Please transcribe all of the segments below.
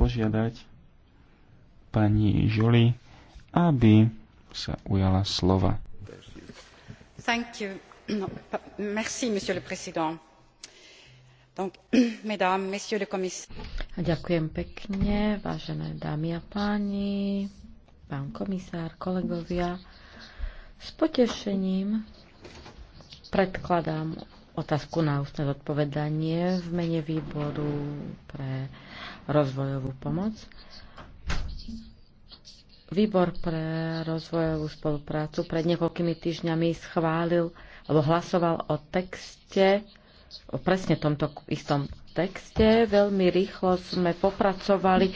požiadať pani Žuli, aby sa ujala slova. Thank you. No, merci, monsieur le président. Donc, mesdames, messieurs Ďakujem pekne, vážené dámy a páni, pán komisár, kolegovia. S potešením predkladám otázku na ústne zodpovedanie v mene výboru pre rozvojovú pomoc. Výbor pre rozvojovú spoluprácu pred niekoľkými týždňami schválil alebo hlasoval o texte, o presne tomto istom texte. Veľmi rýchlo sme popracovali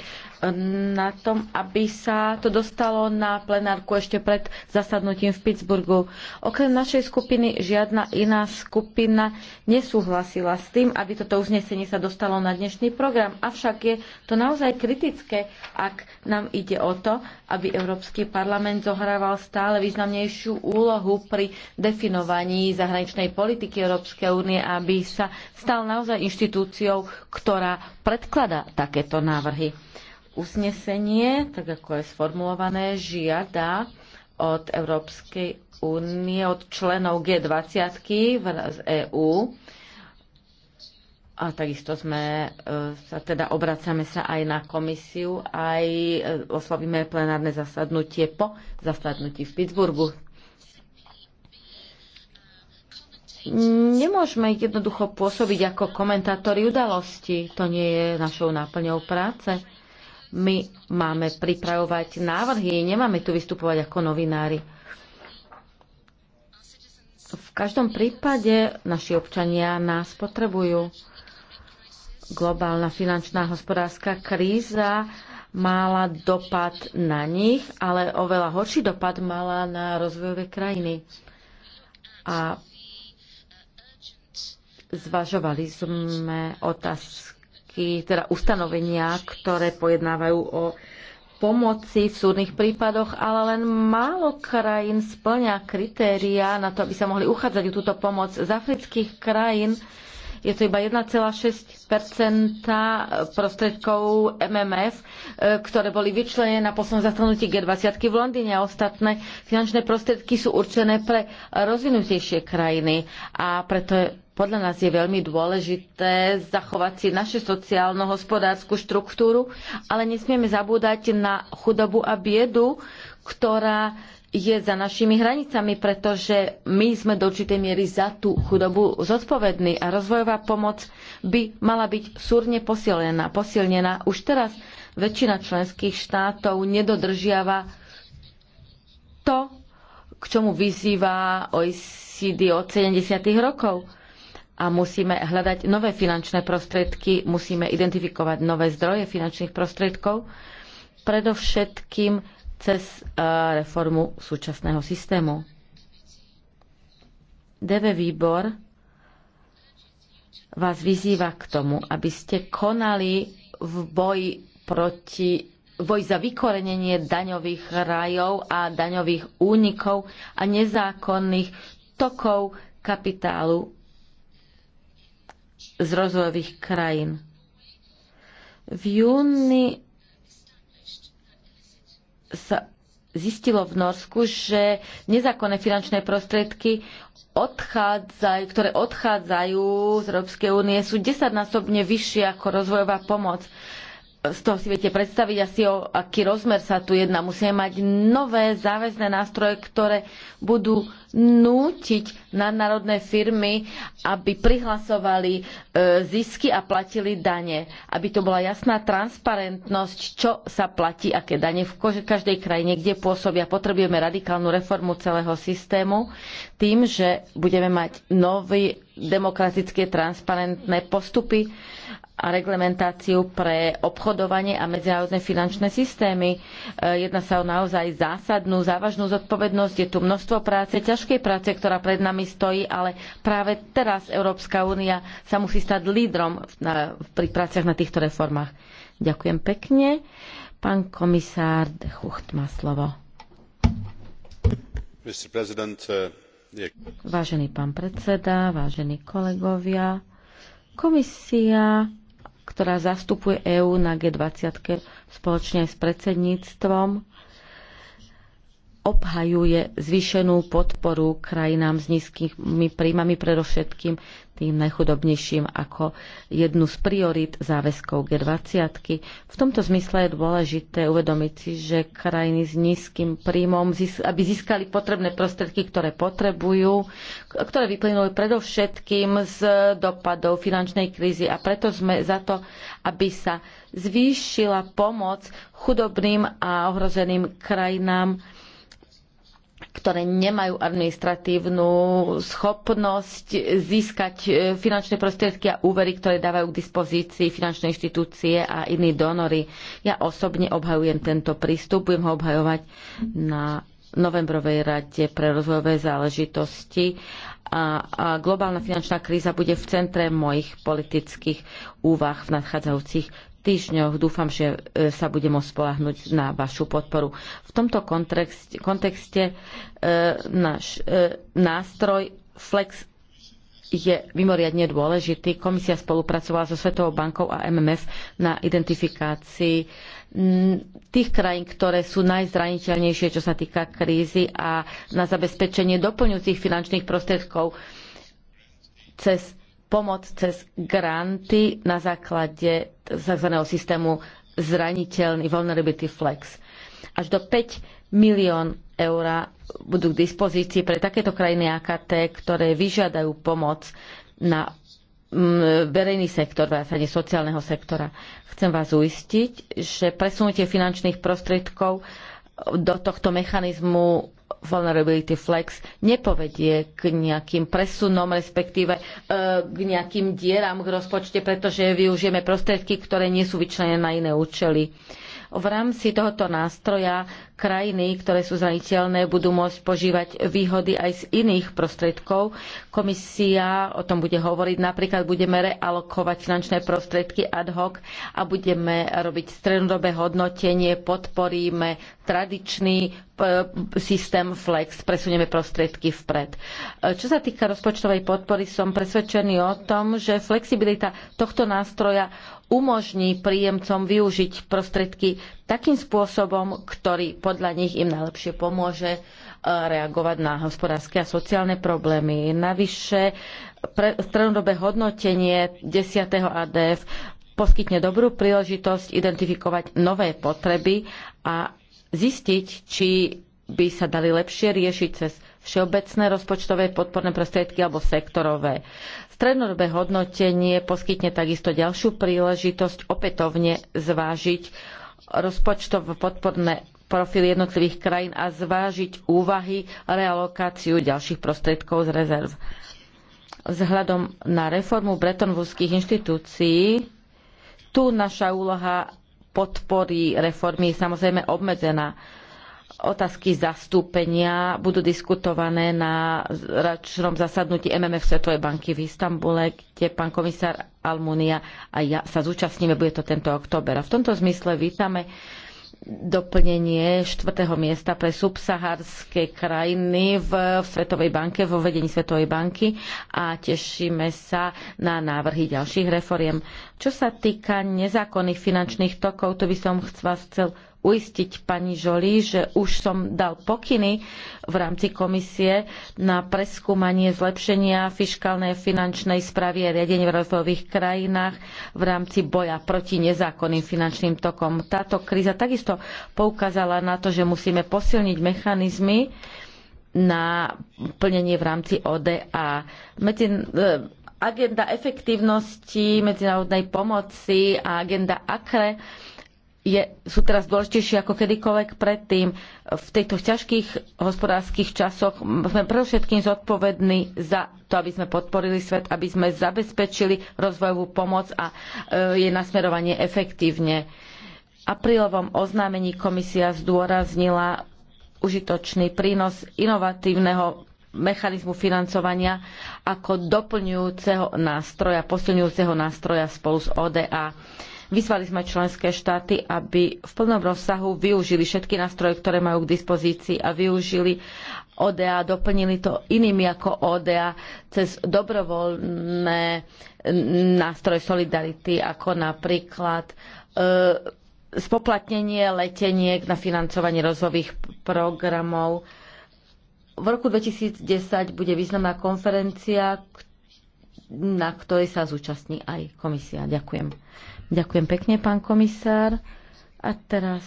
na tom, aby sa to dostalo na plenárku ešte pred zasadnutím v Pittsburghu. Okrem našej skupiny žiadna iná skupina nesúhlasila s tým, aby toto uznesenie sa dostalo na dnešný program. Avšak je to naozaj kritické, ak nám ide o to, aby Európsky parlament zohrával stále významnejšiu úlohu pri definovaní zahraničnej politiky Európskej únie, aby sa stal naozaj inštitúciou, ktorá predkladá takéto návrhy. Usnesenie, tak ako je sformulované, žiada od Európskej únie, od členov G20 z EÚ, a takisto sme, e, sa teda obracame sa aj na komisiu, aj e, oslovíme plenárne zasadnutie po zasadnutí v Pittsburghu. Nemôžeme jednoducho pôsobiť ako komentátori udalosti. To nie je našou náplňou práce. My máme pripravovať návrhy, nemáme tu vystupovať ako novinári. V každom prípade naši občania nás potrebujú. Globálna finančná hospodárska kríza mala dopad na nich, ale oveľa horší dopad mala na rozvojové krajiny. A zvažovali sme otázku články, teda ustanovenia, ktoré pojednávajú o pomoci v súdnych prípadoch, ale len málo krajín splňa kritéria na to, aby sa mohli uchádzať o túto pomoc. Z afrických krajín je to iba 1,6 prostredkov MMF, ktoré boli vyčlenené na poslednom zastanutí G20 v Londýne a ostatné finančné prostriedky sú určené pre rozvinutejšie krajiny a preto je podľa nás je veľmi dôležité zachovať si našu sociálno-hospodárskú štruktúru, ale nesmieme zabúdať na chudobu a biedu, ktorá je za našimi hranicami, pretože my sme do určitej miery za tú chudobu zodpovední a rozvojová pomoc by mala byť súrne posilnená. posilnená. Už teraz väčšina členských štátov nedodržiava to, k čomu vyzýva OECD od 70. rokov a musíme hľadať nové finančné prostriedky, musíme identifikovať nové zdroje finančných prostriedkov, predovšetkým cez e, reformu súčasného systému. DV výbor vás vyzýva k tomu, aby ste konali v boji proti boj za vykorenenie daňových rajov a daňových únikov a nezákonných tokov kapitálu z rozvojových krajín. V júni sa zistilo v Norsku, že nezákonné finančné prostriedky, odchádzajú, ktoré odchádzajú z Európskej únie, sú desaťnásobne vyššie ako rozvojová pomoc z toho si viete predstaviť asi o aký rozmer sa tu jedná. Musíme mať nové záväzné nástroje, ktoré budú nútiť nadnárodné firmy, aby prihlasovali e, zisky a platili dane. Aby to bola jasná transparentnosť, čo sa platí, aké dane v každej krajine, kde pôsobia. Potrebujeme radikálnu reformu celého systému tým, že budeme mať nový demokratické, transparentné postupy a reglementáciu pre obchodovanie a medzinárodné finančné systémy. E, jedná sa o naozaj zásadnú, závažnú zodpovednosť. Je tu množstvo práce, ťažkej práce, ktorá pred nami stojí, ale práve teraz Európska únia sa musí stať lídrom pri práciach na týchto reformách. Ďakujem pekne. Pán komisár Chucht má slovo. Mr. President, uh... Vážený pán predseda, vážení kolegovia, komisia, ktorá zastupuje EÚ na G20 spoločne s predsedníctvom, obhajuje zvýšenú podporu krajinám s nízkymi príjmami, predovšetkým tým najchudobnejším ako jednu z priorit záväzkov G20. V tomto zmysle je dôležité uvedomiť si, že krajiny s nízkym príjmom, aby získali potrebné prostriedky, ktoré potrebujú, ktoré vyplynuli predovšetkým z dopadov finančnej krízy a preto sme za to, aby sa zvýšila pomoc chudobným a ohrozeným krajinám ktoré nemajú administratívnu schopnosť získať e, finančné prostriedky a úvery, ktoré dávajú k dispozícii finančné inštitúcie a iní donory. Ja osobne obhajujem tento prístup, budem ho obhajovať na novembrovej rade pre rozvojové záležitosti a, a globálna finančná kríza bude v centre mojich politických úvah v nadchádzajúcich týždňoch. Dúfam, že e, sa budem môcť spolahnuť na vašu podporu. V tomto kontexte, kontexte e, náš e, nástroj Flex je mimoriadne dôležitý. Komisia spolupracovala so Svetovou bankou a MMF na identifikácii tých krajín, ktoré sú najzraniteľnejšie, čo sa týka krízy a na zabezpečenie doplňujúcich finančných prostriedkov cez pomoc cez granty na základe tzv. systému zraniteľný Vulnerability Flex. Až do 5 milión eur budú k dispozícii pre takéto krajiny AKT, ktoré vyžiadajú pomoc na mm, verejný sektor, vrátane sociálneho sektora. Chcem vás uistiť, že presunutie finančných prostriedkov do tohto mechanizmu Vulnerability Flex nepovedie k nejakým presunom, respektíve e, k nejakým dieram k rozpočte, pretože využijeme prostriedky, ktoré nie sú vyčlenené na iné účely. V rámci tohoto nástroja krajiny, ktoré sú zraniteľné, budú môcť požívať výhody aj z iných prostriedkov. Komisia o tom bude hovoriť. Napríklad budeme realokovať finančné prostriedky ad hoc a budeme robiť strednodobé hodnotenie, podporíme tradičný e, systém Flex, presunieme prostriedky vpred. E, čo sa týka rozpočtovej podpory, som presvedčený o tom, že flexibilita tohto nástroja umožní príjemcom využiť prostriedky takým spôsobom, ktorý podľa nich im najlepšie pomôže e, reagovať na hospodárske a sociálne problémy. Navyše, pre, strednodobé hodnotenie 10. ADF poskytne dobrú príležitosť identifikovať nové potreby a zistiť, či by sa dali lepšie riešiť cez všeobecné rozpočtové podporné prostriedky alebo sektorové. Strednodobé hodnotenie poskytne takisto ďalšiu príležitosť opätovne zvážiť rozpočtové podporné profily jednotlivých krajín a zvážiť úvahy realokáciu ďalších prostriedkov z rezerv. Vzhľadom na reformu bretonvúzských inštitúcií, tu naša úloha podpory reformy je samozrejme obmedzená otázky zastúpenia budú diskutované na račnom zasadnutí MMF Svetovej banky v Istambule, kde pán komisár Almunia a ja sa zúčastníme, bude to tento október. A v tomto zmysle vítame doplnenie štvrtého miesta pre subsaharské krajiny v, Svetovej banke, vo vedení Svetovej banky a tešíme sa na návrhy ďalších reforiem. Čo sa týka nezákonných finančných tokov, to by som chcel uistiť pani Žoli, že už som dal pokyny v rámci komisie na preskúmanie zlepšenia a finančnej správy a riadenia v rozvojových krajinách v rámci boja proti nezákonným finančným tokom. Táto kríza takisto poukázala na to, že musíme posilniť mechanizmy na plnenie v rámci ODA. Medzi, eh, agenda efektívnosti medzinárodnej pomoci a agenda AKRE je, sú teraz dôležitejšie ako kedykoľvek predtým. V týchto ťažkých hospodárskych časoch sme predovšetkým zodpovední za to, aby sme podporili svet, aby sme zabezpečili rozvojovú pomoc a e, jej nasmerovanie efektívne. Aprílovom oznámení komisia zdôraznila užitočný prínos inovatívneho mechanizmu financovania ako doplňujúceho nástroja, posilňujúceho nástroja spolu s ODA Vyzvali sme členské štáty, aby v plnom rozsahu využili všetky nástroje, ktoré majú k dispozícii a využili ODA, doplnili to inými ako ODA cez dobrovoľné nástroje solidarity, ako napríklad e, spoplatnenie leteniek na financovanie rozvojových programov. V roku 2010 bude významná konferencia, na ktorej sa zúčastní aj komisia. Ďakujem. Ďakujem pekne, pán komisár. A teraz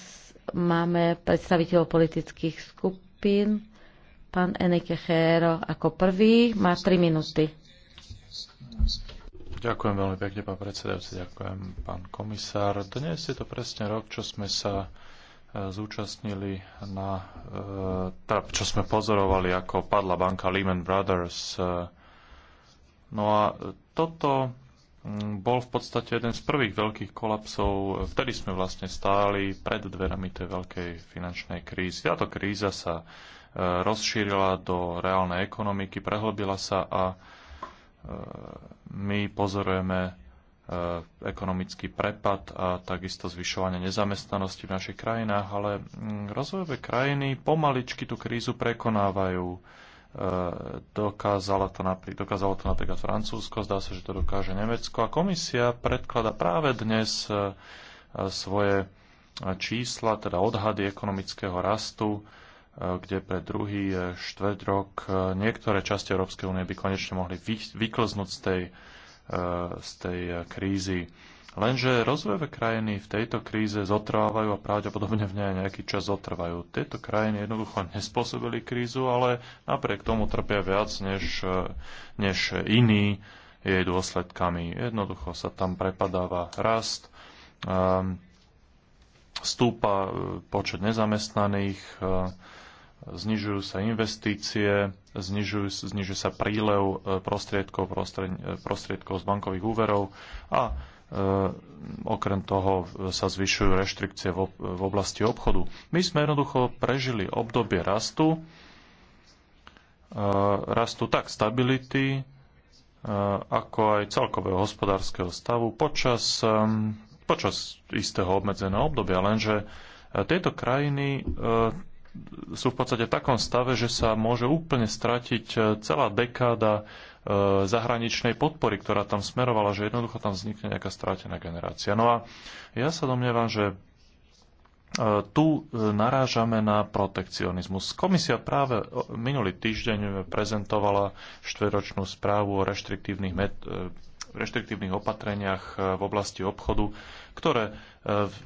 máme predstaviteľov politických skupín. Pán Enike Chéro ako prvý má 3 minúty. Ďakujem veľmi pekne, pán predsedajúci, ďakujem, pán komisár. Dnes je to presne rok, čo sme sa e, zúčastnili na, e, teda, čo sme pozorovali, ako padla banka Lehman Brothers e, No a toto mm, bol v podstate jeden z prvých veľkých kolapsov. Vtedy sme vlastne stáli pred dverami tej veľkej finančnej krízy. Táto kríza sa e, rozšírila do reálnej ekonomiky, prehlbila sa a e, my pozorujeme e, ekonomický prepad a takisto zvyšovanie nezamestnanosti v našich krajinách, ale mm, rozvojové krajiny pomaličky tú krízu prekonávajú E, dokázalo to, napríklad, dokázalo to napríklad Francúzsko, zdá sa, že to dokáže Nemecko. A komisia predklada práve dnes e, e, svoje čísla, teda odhady ekonomického rastu, kde pre druhý štvrt rok niektoré časti Európskej únie by konečne mohli vyklznúť z tej, z tej krízy. Lenže rozvojové krajiny v tejto kríze zotrávajú a pravdepodobne v nej nejaký čas zotrvajú. Tieto krajiny jednoducho nespôsobili krízu, ale napriek tomu trpia viac než, než iní jej dôsledkami. Jednoducho sa tam prepadáva rast, ehm, stúpa e, počet nezamestnaných, e, znižujú sa investície, znižujú, znižuje sa prílev e, prostriedkov, prostriedkov z bankových úverov a Eh, okrem toho sa zvyšujú reštrikcie v oblasti obchodu. My sme jednoducho prežili obdobie rastu, eh, rastu tak stability, eh, ako aj celkového hospodárskeho stavu počas, počas istého obmedzeného obdobia. Lenže tieto krajiny sú v podstate v takom stave, že sa môže úplne stratiť e, celá dekáda e, zahraničnej podpory, ktorá tam smerovala, že jednoducho tam vznikne nejaká strátená generácia. No a ja sa domnievam, že e, tu narážame na protekcionizmus. Komisia práve minulý týždeň prezentovala štveročnú správu o reštriktívnych met- reštriktívnych opatreniach eh, v oblasti obchodu, ktoré eh,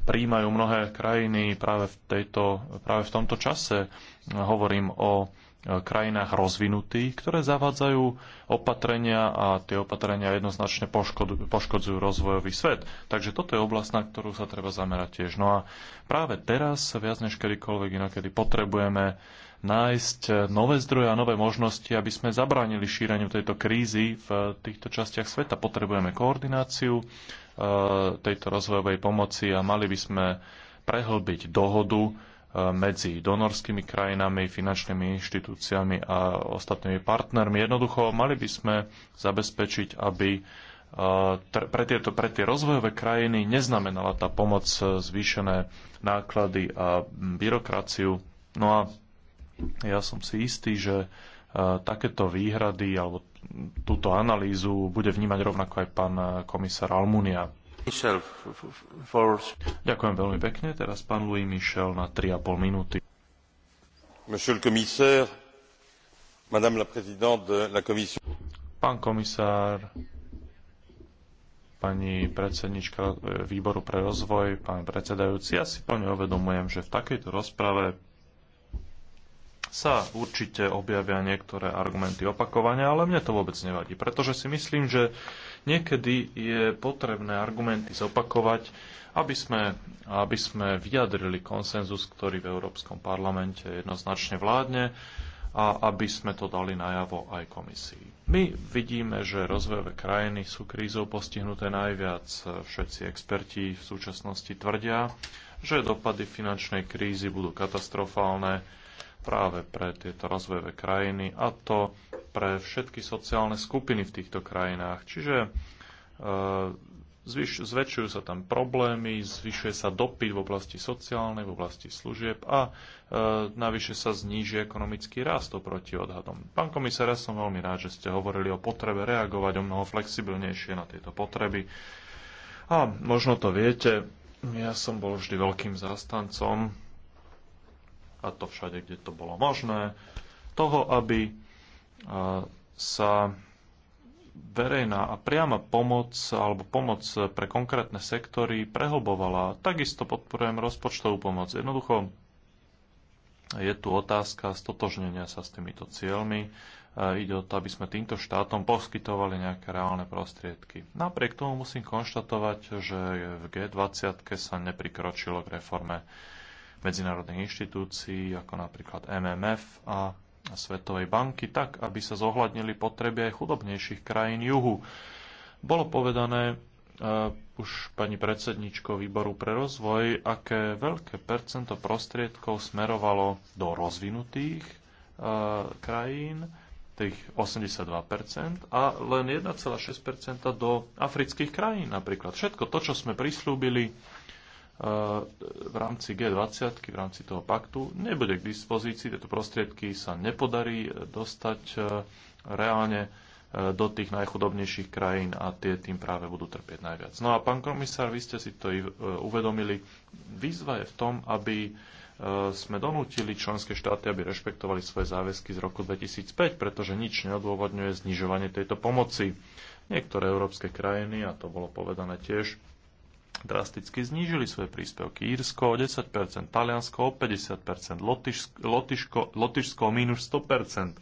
príjmajú mnohé krajiny práve v, tejto, práve v tomto čase. Hovorím o eh, krajinách rozvinutých, ktoré zavádzajú opatrenia a tie opatrenia jednoznačne poškodujú, poškodzujú rozvojový svet. Takže toto je oblasť, na ktorú sa treba zamerať tiež. No a práve teraz, viac než kedykoľvek inokedy, potrebujeme nájsť eh, nové zdroje a nové možnosti, aby sme zabránili šíreniu tejto krízy v eh, týchto častiach sveta. Potrebujeme koordináciu eh, tejto rozvojovej pomoci a mali by sme prehlbiť dohodu medzi donorskými krajinami, finančnými inštitúciami a ostatnými partnermi. Jednoducho mali by sme zabezpečiť, aby pre, tieto, pre tie rozvojové krajiny neznamenala tá pomoc zvýšené náklady a mm, byrokraciu. No a ja som si istý, že e, takéto výhrady alebo túto analýzu bude vnímať rovnako aj pán e, komisár Almunia. Michel, for... Ďakujem veľmi pekne. Teraz pán Louis Michel na 3,5 minúty. Monsieur le commissaire, madame la présidente de la commission. Pán komisár, pani predsednička e, výboru pre rozvoj, pán predsedajúci, ja si plne uvedomujem, že v takejto rozprave sa určite objavia niektoré argumenty opakovania, ale mne to vôbec nevadí, pretože si myslím, že niekedy je potrebné argumenty zopakovať, aby sme, aby sme vyjadrili konsenzus, ktorý v Európskom parlamente jednoznačne vládne a aby sme to dali najavo aj komisii. My vidíme, že rozvojové krajiny sú krízou postihnuté najviac. Všetci experti v súčasnosti tvrdia, že dopady finančnej krízy budú katastrofálne práve pre tieto rozvojové krajiny a to pre všetky sociálne skupiny v týchto krajinách. Čiže e, zvyš, zväčšujú sa tam problémy, zvyšuje sa dopyt v oblasti sociálnej, v oblasti služieb a e, navyše sa zníži ekonomický rast oproti odhadom. Pán komisár, ja som veľmi rád, že ste hovorili o potrebe reagovať o mnoho flexibilnejšie na tieto potreby. A možno to viete, ja som bol vždy veľkým zástancom a to všade, kde to bolo možné, toho, aby e, sa verejná a priama pomoc alebo pomoc pre konkrétne sektory prehlbovala. Takisto podporujem rozpočtovú pomoc. Jednoducho je tu otázka stotožnenia sa s týmito cieľmi. E, ide o to, aby sme týmto štátom poskytovali nejaké reálne prostriedky. Napriek tomu musím konštatovať, že v G20 sa neprikročilo k reforme medzinárodných inštitúcií, ako napríklad MMF a Svetovej banky, tak, aby sa zohľadnili potreby aj chudobnejších krajín juhu. Bolo povedané uh, už pani predsedničko výboru pre rozvoj, aké veľké percento prostriedkov smerovalo do rozvinutých uh, krajín, tých 82%, a len 1,6% do afrických krajín napríklad. Všetko to, čo sme prislúbili, v rámci G20, v rámci toho paktu, nebude k dispozícii. Tieto prostriedky sa nepodarí eh, dostať eh, reálne eh, do tých najchudobnejších krajín a tie tým práve budú trpieť najviac. No a pán komisár, vy ste si to i uvedomili. Výzva je v tom, aby sme donútili členské štáty, aby rešpektovali svoje záväzky z roku 2005, pretože nič neodôvodňuje znižovanie tejto pomoci. Niektoré európske krajiny, a to bolo povedané tiež, drasticky znížili svoje príspevky. Írsko o 10%, Taliansko o 50%, Lotyšsko, o minus 100%.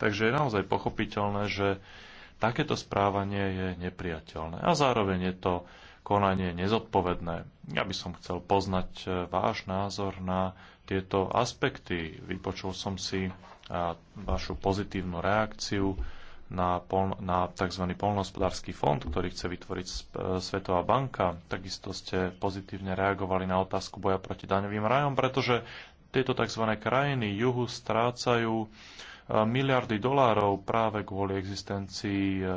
Takže je naozaj pochopiteľné, že takéto správanie je nepriateľné. A zároveň je to konanie nezodpovedné. Ja by som chcel poznať e, váš názor na tieto aspekty. Vypočul som si vašu pozitívnu reakciu na, pol, na tzv. polnohospodársky fond, ktorý chce vytvoriť e, Svetová banka. Takisto ste pozitívne reagovali na otázku boja proti daňovým rajom, pretože tieto tzv. krajiny juhu strácajú e, miliardy dolárov práve kvôli existencii e,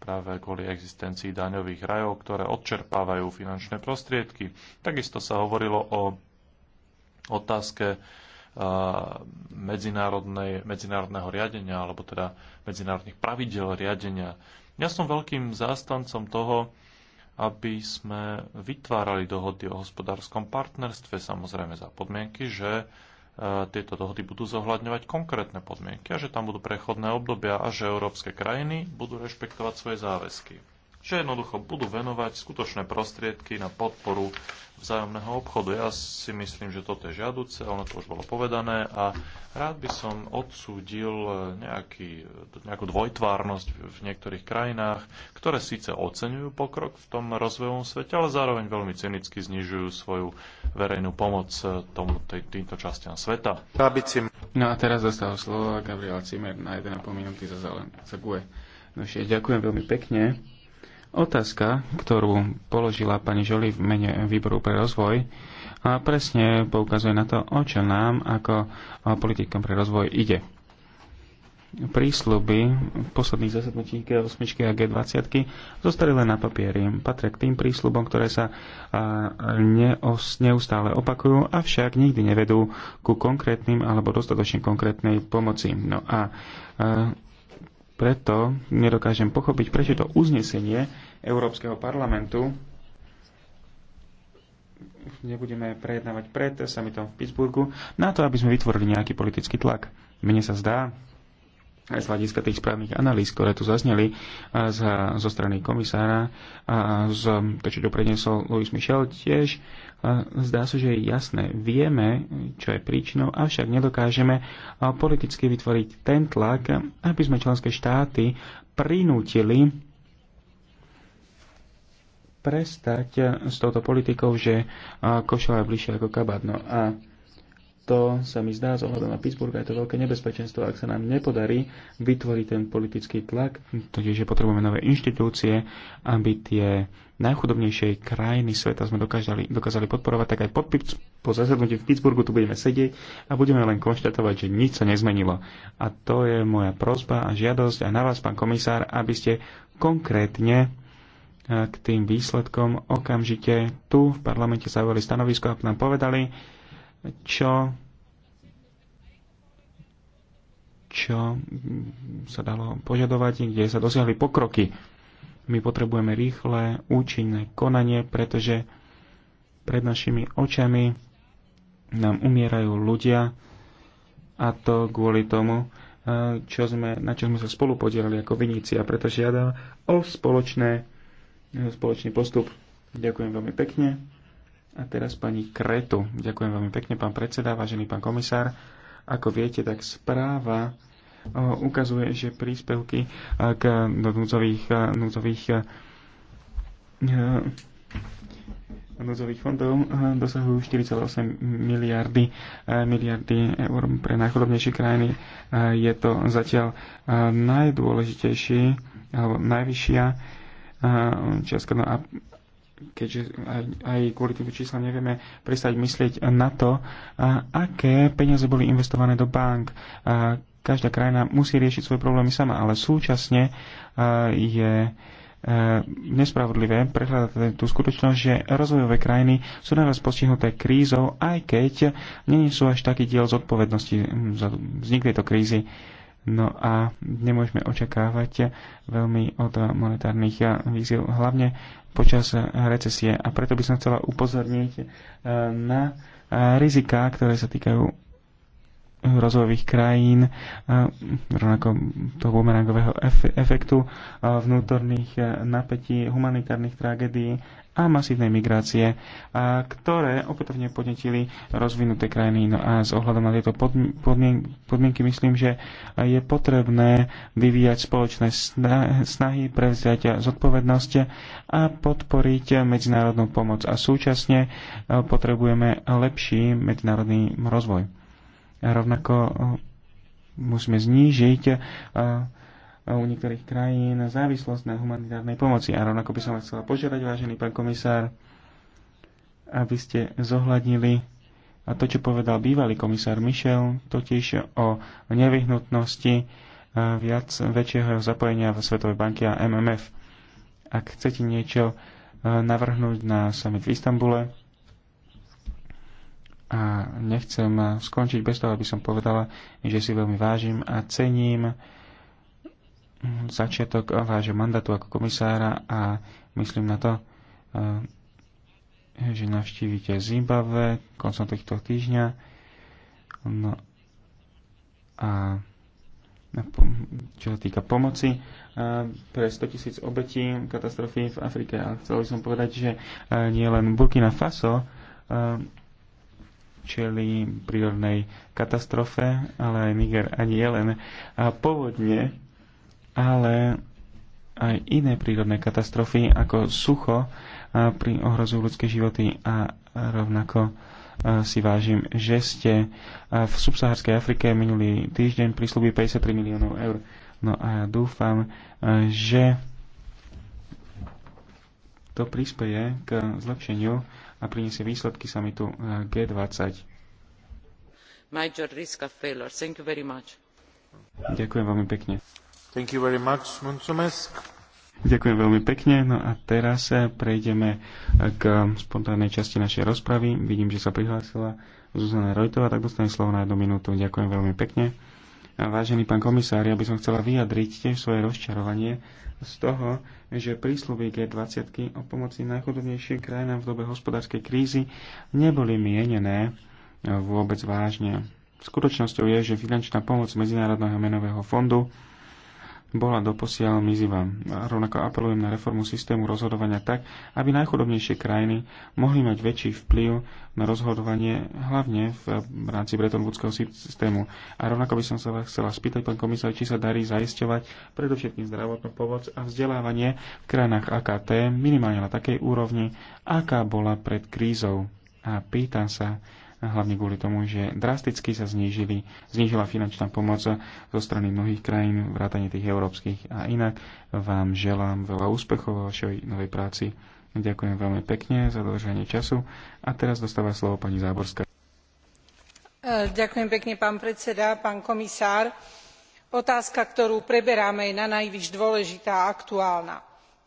práve kvôli existencii daňových rajov, ktoré odčerpávajú finančné prostriedky. Takisto sa hovorilo o otázke medzinárodného riadenia, alebo teda medzinárodných pravidel riadenia. Ja som veľkým zástancom toho, aby sme vytvárali dohody o hospodárskom partnerstve, samozrejme za podmienky, že e, tieto dohody budú zohľadňovať konkrétne podmienky a že tam budú prechodné obdobia a že európske krajiny budú rešpektovať svoje záväzky že jednoducho budú venovať skutočné prostriedky na podporu vzájomného obchodu. Ja si myslím, že toto je žiaduce, ono to už bolo povedané a rád by som odsúdil nejaký, nejakú dvojtvárnosť v niektorých krajinách, ktoré síce oceňujú pokrok v tom rozvojovom svete, ale zároveň veľmi cynicky znižujú svoju verejnú pomoc tomu, tej, týmto častiam sveta. No a teraz dostal slovo Gabriela Cimer na 1,5 minúty za, zelen, za no ďakujem veľmi pekne. Otázka, ktorú položila pani Žoli v mene výboru pre rozvoj, a presne poukazuje na to, o čo nám ako politikom pre rozvoj ide. Prísľuby posledných zasadnutí G8 a G20 zostali len na papieri. Patria k tým prísľubom, ktoré sa neustále opakujú, avšak nikdy nevedú ku konkrétnym alebo dostatočne konkrétnej pomoci. No a preto nedokážem pochopiť, prečo to uznesenie Európskeho parlamentu nebudeme prejednávať pred samitom v Pittsburghu, na to, aby sme vytvorili nejaký politický tlak. Mne sa zdá, aj z hľadiska tých správnych analýz, ktoré tu zazneli z, zo strany komisára a z, to, čo tu predniesol Louis Michel tiež, zdá sa, so, že je jasné. Vieme, čo je príčinou, avšak nedokážeme politicky vytvoriť ten tlak, aby sme členské štáty prinútili prestať s touto politikou, že košela je bližšie ako kabát. No a to sa mi zdá, z ohľadom na Pittsburgh, je to veľké nebezpečenstvo, ak sa nám nepodarí vytvoriť ten politický tlak, totiž že potrebujeme nové inštitúcie, aby tie najchudobnejšie krajiny sveta sme dokázali, dokázali podporovať, tak aj pod, po zasadnutí v Pittsburghu tu budeme sedieť a budeme len konštatovať, že nič sa nezmenilo. A to je moja prozba a žiadosť aj na vás, pán komisár, aby ste konkrétne e, k tým výsledkom okamžite tu v parlamente zaujali stanovisko a nám povedali, čo čo sa dalo požadovať, kde sa dosiahli pokroky. My potrebujeme rýchle, účinné konanie, pretože pred našimi očami nám umierajú ľudia a to kvôli tomu, eh, čo sme, na čo sme sa spolu podielali ako vinícia, a preto žiadam o spoločné, eh, spoločný postup. Ďakujem veľmi pekne. A teraz pani Kretu. Ďakujem veľmi pekne, pán predseda, vážený pán komisár. Ako viete, tak správa ukazuje, že príspevky k núdzových, núdzových núdzových fondov dosahujú 4,8 miliardy, miliardy eur pre najchudobnejšie krajiny. Je to zatiaľ najdôležitejší alebo najvyššia čiastka. No a keďže aj, aj kvôli tým číslam nevieme prestať myslieť na to, a aké peniaze boli investované do bank. A každá krajina musí riešiť svoje problémy sama, ale súčasne je e, nespravodlivé prehľadať tú skutočnosť, že rozvojové krajiny sú najviac postihnuté krízou, aj keď nie sú až taký diel zodpovednosti za vznik tejto krízy. No a nemôžeme očakávať veľmi od monetárnych víziev, hlavne počas recesie. A preto by som chcela upozorniť eh, na eh, riziká, ktoré sa týkajú rozvojových krajín, eh, rovnako toho bumerangového efektu, vnútorných napätí, humanitárnych tragédií a masívnej migrácie, a ktoré opätovne podnetili rozvinuté krajiny. No a s ohľadom na tieto podmienky myslím, že je potrebné vyvíjať spoločné snahy, prevziať zodpovednosť a podporiť medzinárodnú pomoc. A súčasne e, potrebujeme lepší medzinárodný rozvoj. Rovnako e, musíme znížiť e, u niektorých krajín závislosť na humanitárnej pomoci. A rovnako by som vás chcela požiadať, vážený pán komisár, aby ste zohľadnili a to, čo povedal bývalý komisár Michel, totiž o nevyhnutnosti e, viac väčšieho zapojenia v Svetovej banky a MMF. Ak chcete niečo e, navrhnúť na summit v Istambule, a nechcem skončiť bez toho, aby som povedala, že si veľmi vážim a cením začiatok vášho mandátu ako komisára a myslím na to, eh, že navštívite Zimbabwe koncom tohto týždňa. No a čo sa týka pomoci eh, pre 100 tisíc obetí katastrofy v Afrike. A chcel by som povedať, že eh, nie len Burkina Faso čeli prírodnej katastrofe, ale aj Niger a nie len povodne ale aj iné prírodné katastrofy ako sucho pri ohrozu ľudské životy a rovnako si vážim, že ste v subsaharskej Afrike minulý týždeň prislúbili 53 miliónov eur. No a ja dúfam, že to prispieje k zlepšeniu a priniesie výsledky samitu G20. Major risk of failure. Thank you very much. Ďakujem veľmi pekne. Thank you very much. Ďakujem veľmi pekne. No a teraz eh, prejdeme eh, k eh, spontánnej časti našej rozpravy. Vidím, že sa prihlásila Zuzana Rojtová, tak dostane slovo na jednu minútu. Ďakujem veľmi pekne. A vážený pán komisár, ja by som chcela vyjadriť tiež svoje rozčarovanie z toho, že príslovy G20 o pomoci najchudobnejším krajinám v dobe hospodárskej krízy neboli mienené vôbec vážne. Skutočnosťou je, že finančná pomoc Medzinárodného menového fondu bola doposiaľ mizivá. Rovnako apelujem na reformu systému rozhodovania tak, aby najchudobnejšie krajiny mohli mať väčší vplyv na rozhodovanie, hlavne v rámci bretonvudského systému. A rovnako by som sa vás chcela spýtať, pán komisár, či sa darí zaisťovať predovšetkým zdravotnú pomoc a vzdelávanie v krajinách AKT minimálne na takej úrovni, aká bola pred krízou. A pýtam sa, hlavne kvôli tomu, že drasticky sa znížili, znížila finančná pomoc zo strany mnohých krajín, vrátane tých európskych. A inak vám želám veľa úspechov vo vašej novej práci. Ďakujem veľmi pekne za dodržanie času. A teraz dostáva slovo pani Záborská. E, ďakujem pekne, pán predseda, pán komisár. Otázka, ktorú preberáme, je na najvyš dôležitá a aktuálna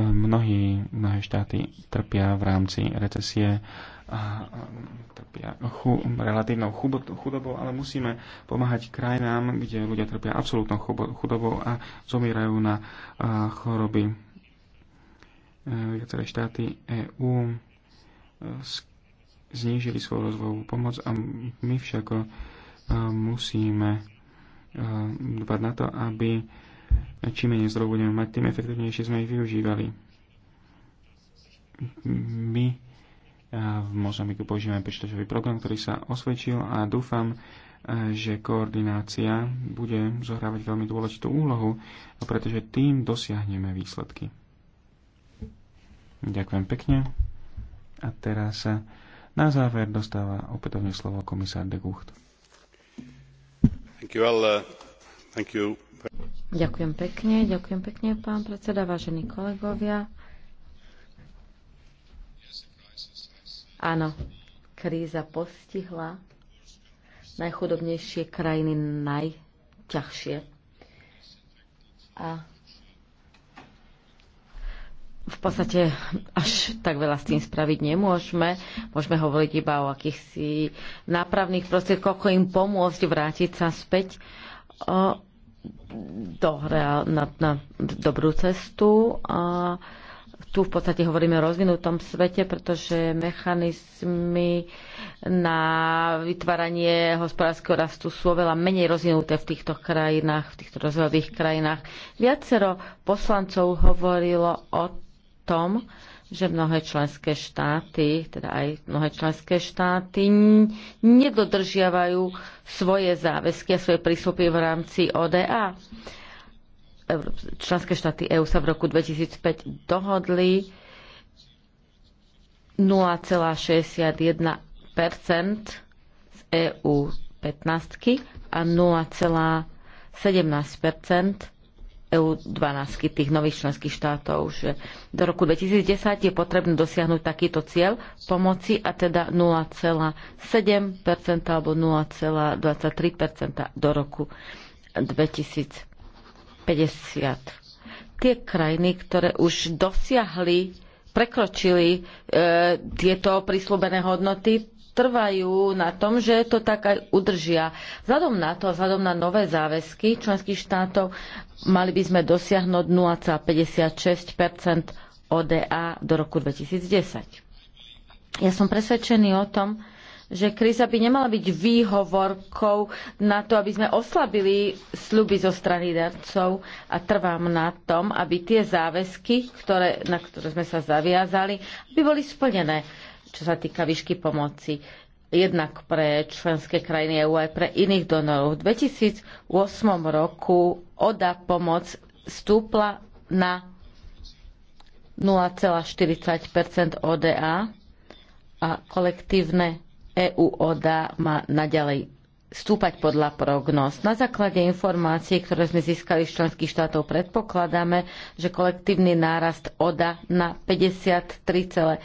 mnohí, mnohé štáty trpia v rámci recesie a trpia chu, relatívnou chudobou, ale musíme pomáhať krajinám, kde ľudia trpia absolútnou chudobou a zomierajú na choroby. E, viaceré štáty EÚ e, znížili svoju rozvojovú pomoc a my však e, musíme dbať na to, aby čím menej zdrojov budeme mať, tým efektívnejšie sme ich využívali. My v tu používame počítačový program, ktorý sa osvedčil a dúfam, že koordinácia bude zohrávať veľmi dôležitú úlohu, pretože tým dosiahneme výsledky. Ďakujem pekne. A teraz sa na záver dostáva opätovne slovo komisár de Gucht. Thank you all, uh, thank you. Ďakujem pekne, ďakujem pekne, pán predseda, vážení kolegovia. Áno, kríza postihla najchudobnejšie krajiny najťažšie. A v podstate až tak veľa s tým spraviť nemôžeme. Môžeme hovoriť iba o akýchsi nápravných prostriedkoch, ako im pomôcť vrátiť sa späť. O, do, rea, na, na dobrú cestu a tu v podstate hovoríme o rozvinutom svete, pretože mechanizmy na vytváranie hospodárskeho rastu sú oveľa menej rozvinuté v týchto krajinách, v týchto rozvojových krajinách. Viacero poslancov hovorilo o tom, že mnohé členské štáty, teda aj mnohé členské štáty nedodržiavajú svoje záväzky a svoje prísupy v rámci ODA. Členské štáty EÚ sa v roku 2005 dohodli 0,61 z EÚ 15 a 0,17 EU12, tých nových členských štátov, že do roku 2010 je potrebné dosiahnuť takýto cieľ pomoci a teda 0,7% alebo 0,23% do roku 2050. Tie krajiny, ktoré už dosiahli, prekročili e, tieto prísľubené hodnoty, trvajú na tom, že to tak aj udržia. Vzhľadom na to a vzhľadom na nové záväzky členských štátov mali by sme dosiahnuť 0,56 ODA do roku 2010. Ja som presvedčený o tom, že kríza by nemala byť výhovorkou na to, aby sme oslabili sľuby zo strany darcov a trvám na tom, aby tie záväzky, ktoré, na ktoré sme sa zaviazali, aby boli splnené čo sa týka výšky pomoci jednak pre členské krajiny EU aj pre iných donorov. V 2008 roku ODA pomoc stúpla na 0,40 ODA a kolektívne EU ODA má naďalej stúpať podľa prognóz. Na základe informácií, ktoré sme získali z členských štátov, predpokladáme, že kolektívny nárast ODA na 53,4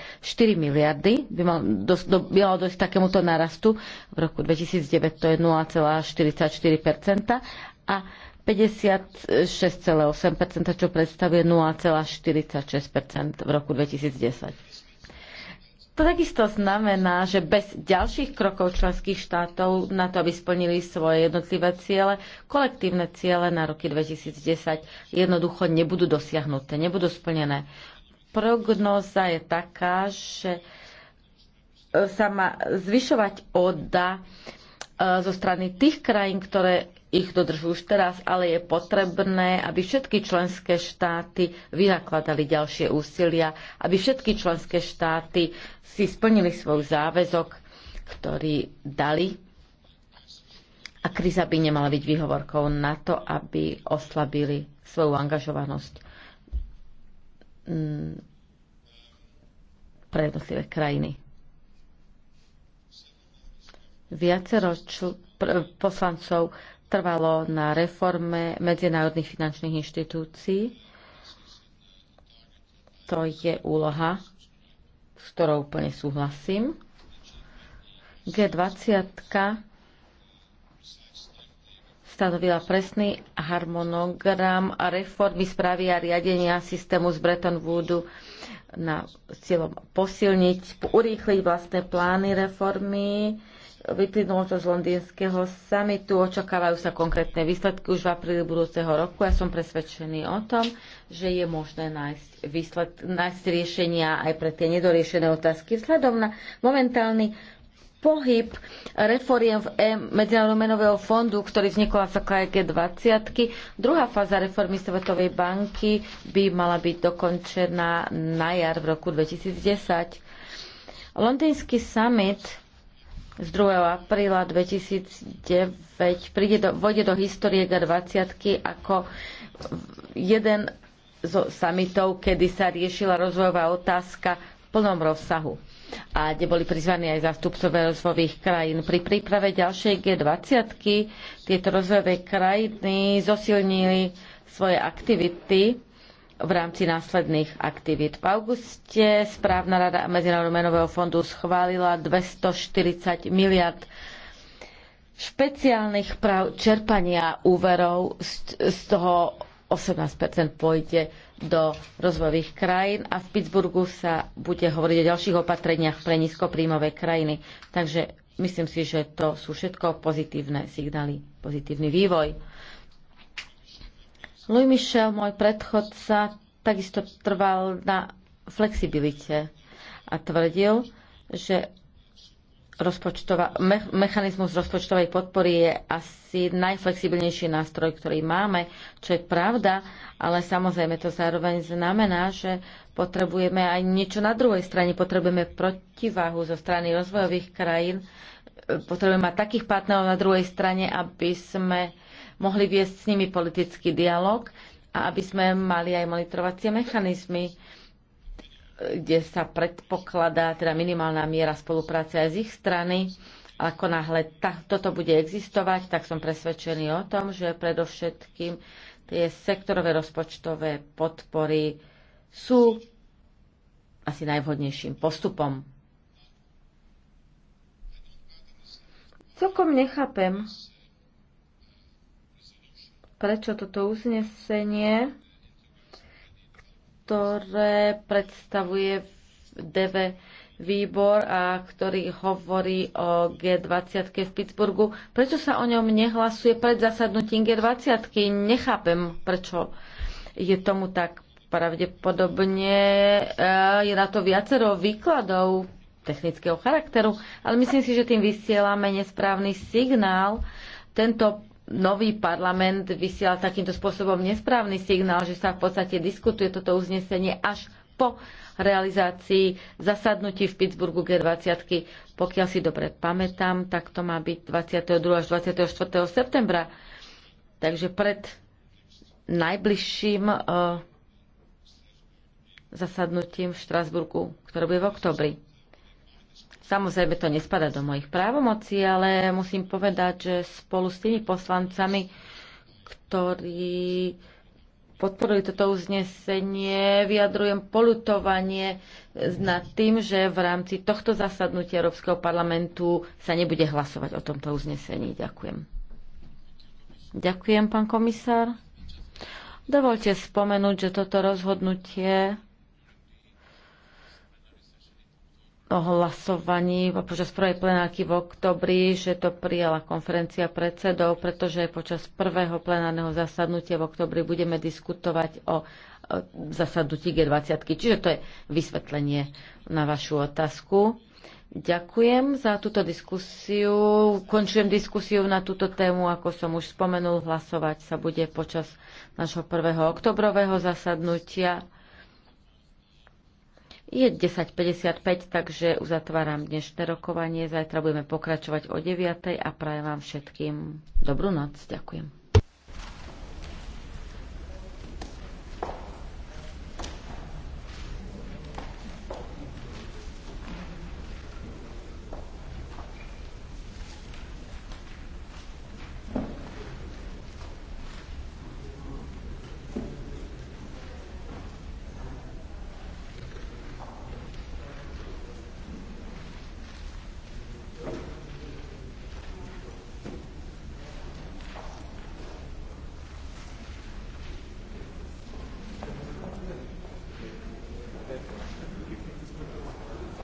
miliardy by mal dosť, do, by mal dosť takémuto nárastu. V roku 2009 to je 0,44 a 56,8 čo predstavuje 0,46 v roku 2010. To takisto znamená, že bez ďalších krokov členských štátov na to, aby splnili svoje jednotlivé ciele, kolektívne ciele na roky 2010 jednoducho nebudú dosiahnuté, nebudú splnené. Prognóza je taká, že e, sa má zvyšovať oda e, zo strany tých krajín, ktoré ich dodržujú už teraz, ale je potrebné, aby všetky členské štáty vynakladali ďalšie úsilia, aby všetky členské štáty si splnili svoj záväzok, ktorý dali. A kríza by nemala byť výhovorkou na to, aby oslabili svoju angažovanosť mm, pre jednotlivé krajiny. Viacero čl- poslancov trvalo na reforme medzinárodných finančných inštitúcií. To je úloha, s ktorou úplne súhlasím. G20 stanovila presný harmonogram a reformy správy a riadenia systému z Bretton Woodu na, cieľom posilniť, urýchliť vlastné plány reformy, Vyplynulo to z londýnskeho samitu, očakávajú sa konkrétne výsledky už v apríli budúceho roku. Ja som presvedčený o tom, že je možné nájsť, výsled, nájsť riešenia aj pre tie nedoriešené otázky. Vzhľadom na momentálny pohyb reforiem v e- menového fondu, ktorý vznikol v základe G20. Druhá fáza reformy Svetovej banky by mala byť dokončená na jar v roku 2010. Londýnsky summit z 2. apríla 2009 príde do, vode do histórie G20 ako jeden zo samitov, kedy sa riešila rozvojová otázka v plnom rozsahu a kde boli prizvaní aj zástupcovia rozvojových krajín. Pri príprave ďalšej G20 tieto rozvojové krajiny zosilnili svoje aktivity v rámci následných aktivít. V auguste správna rada Medzinárodného menového fondu schválila 240 miliard špeciálnych práv čerpania úverov, z toho 18 pôjde do rozvojových krajín a v Pittsburghu sa bude hovoriť o ďalších opatreniach pre nízkopríjmové krajiny. Takže myslím si, že to sú všetko pozitívne signály, pozitívny vývoj. Louis Michel, môj predchodca, takisto trval na flexibilite a tvrdil, že rozpočtová, me, mechanizmus rozpočtovej podpory je asi najflexibilnejší nástroj, ktorý máme, čo je pravda, ale samozrejme to zároveň znamená, že potrebujeme aj niečo na druhej strane, potrebujeme protiváhu zo strany rozvojových krajín, potrebujeme mať takých partnerov na druhej strane, aby sme mohli viesť s nimi politický dialog a aby sme mali aj monitorovacie mechanizmy, kde sa predpokladá teda minimálna miera spolupráce aj z ich strany. Ako náhle ta, toto bude existovať, tak som presvedčený o tom, že predovšetkým tie sektorové rozpočtové podpory sú asi najvhodnejším postupom. Celkom nechápem, prečo toto uznesenie, ktoré predstavuje DV výbor a ktorý hovorí o G20 v Pittsburghu. Prečo sa o ňom nehlasuje pred zasadnutím G20? Nechápem, prečo je tomu tak. Pravdepodobne eh, je na to viacero výkladov technického charakteru, ale myslím si, že tým vysielame nesprávny signál. Tento nový parlament vysiela takýmto spôsobom nesprávny signál, že sa v podstate diskutuje toto uznesenie až po realizácii zasadnutí v Pittsburghu G20. Pokiaľ si dobre pamätám, tak to má byť 22. až 24. septembra. Takže pred najbližším uh, zasadnutím v Štrasburgu, ktoré bude v oktobri. Samozrejme, to nespada do mojich právomocí, ale musím povedať, že spolu s tými poslancami, ktorí podporujú toto uznesenie, vyjadrujem polutovanie nad tým, že v rámci tohto zasadnutia Európskeho parlamentu sa nebude hlasovať o tomto uznesení. Ďakujem. Ďakujem, pán komisár. Dovolte spomenúť, že toto rozhodnutie o hlasovaní počas prvej plenárky v oktobri, že to prijala konferencia predsedov, pretože počas prvého plenárneho zasadnutia v oktobri budeme diskutovať o zasadnutí G20. Čiže to je vysvetlenie na vašu otázku. Ďakujem za túto diskusiu. Končujem diskusiu na túto tému. Ako som už spomenul, hlasovať sa bude počas nášho prvého oktobrového zasadnutia. Je 10.55, takže uzatváram dnešné rokovanie. Zajtra budeme pokračovať o 9.00 a prajem vám všetkým dobrú noc. Ďakujem.